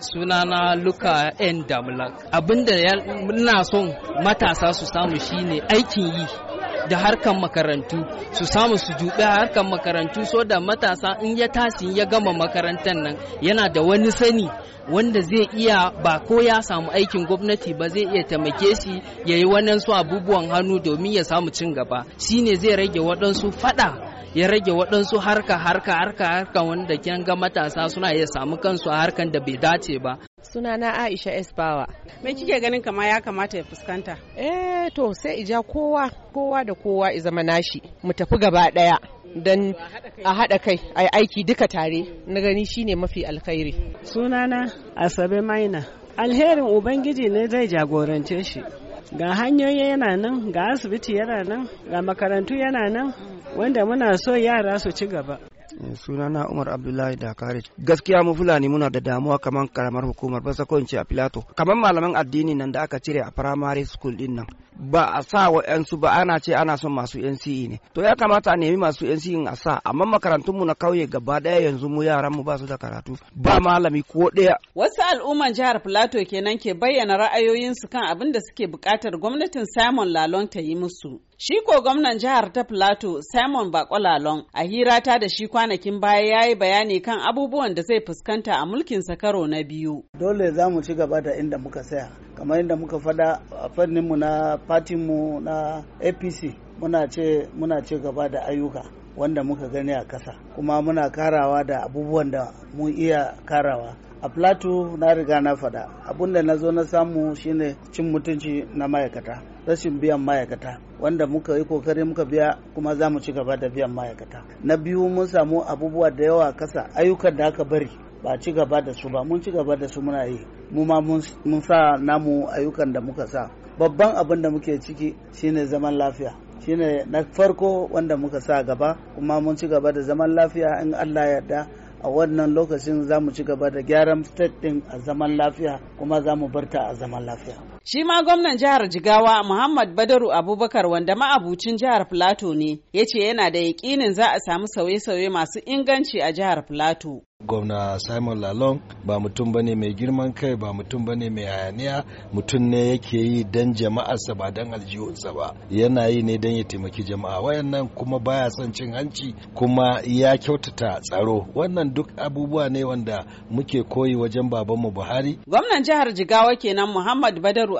sunana luka n damulak abinda muna son matasa su samu shine aikin yi da harkan makarantu su samu su juɓe harkan makarantu so da matasa in ya tasi ya gama makarantar nan yana da wani sani wanda zai iya ba ko ya samu aikin gwamnati ba zai iya taimake shi ya yi su abubuwan hannu domin ya samu cin gaba shine zai rage waɗansu faɗa ya rage waɗansu harka harka harka harka wanda kin ga matasa suna iya samu kansu a harkan da bai dace ba Suna na Aisha Esbawa me kike ganin kama ya kamata ya fuskanta eh to sai ija kowa kowa da kowa i zama nashi mu tafi gaba daya dan a haɗa kai a aiki duka tare na gani shine mafi alkhairi sunana asabe maina alherin ubangiji ne zai jagorance shi ga hanyoyi yana nan ga asibiti yana nan ga makarantu yana nan wanda muna so yara su ci gaba eh, sunana umar abdullahi da dakari gaskiya mu fulani muna da damuwa kamar karamar hukumar ba ko a filato kamar malaman addini nan da aka cire a primary school din nan ba a sa wa yansu ba ana ce ana son masu NCE ne to ya kamata a nemi masu NCE in a sa amma makarantun mu na kauye gaba daya yanzu mu yaran mu ba su da karatu ba malami ko daya wasu al'umman jihar filato kenan ke bayyana ra'ayoyinsu kan abin da suke bukatar gwamnatin Simon Lalon ta yi musu Shi ko gwamnan jihar ta Plateau Simon Bakolalon a hira ta da shi kwanakin baya ya yi bayani kan abubuwan da zai fuskanta a mulkin karo na biyu. Dole za mu ci gaba da inda muka saya, kamar inda muka fada a fanninmu na fatinmu na APC muna ce muna ce gaba da ayyuka. wanda muka gani a kasa kuma muna karawa da abubuwan da mun iya karawa a plateau na riga na faɗa abinda na zo na samu shine cin mutunci na ma'aikata rashin biyan ma'aikata wanda muka yi kokari muka biya kuma za mu ci gaba da biyan ma'aikata na biyu mun samu abubuwa da yawa kasa ayyukan da aka bari ba ci gaba da su ba mun ci gaba da su muna yi mu ma mun sa namu ayyukan da muka sa babban abin da muke ciki shine zaman lafiya shine na farko wanda muka sa gaba kuma mun ci gaba da zaman lafiya in allah yarda a wannan lokacin za mu ci gaba da gyaran state din a zaman lafiya kuma za mu barta a zaman lafiya Shi ma gwamnan jihar Jigawa Muhammad Badaru Abubakar wanda ma'abucin jihar Filato ne ya ce yana da yakinin za a samu sauye-sauye masu inganci a jihar Filato. gwamna simon lalong ba mutum ba ne mai girman kai ba mutum ba ne mai hayaniya mutum ne yake yi don jama'arsa ba don aljihunsa ba yana yi ne don ya taimaki jama'a wayannan kuma baya son cin hanci kuma ya kyautata tsaro wannan duk abubuwa ne wanda muke koyi wajen babanmu buhari gwamnan jihar jigawa kenan muhammad badaru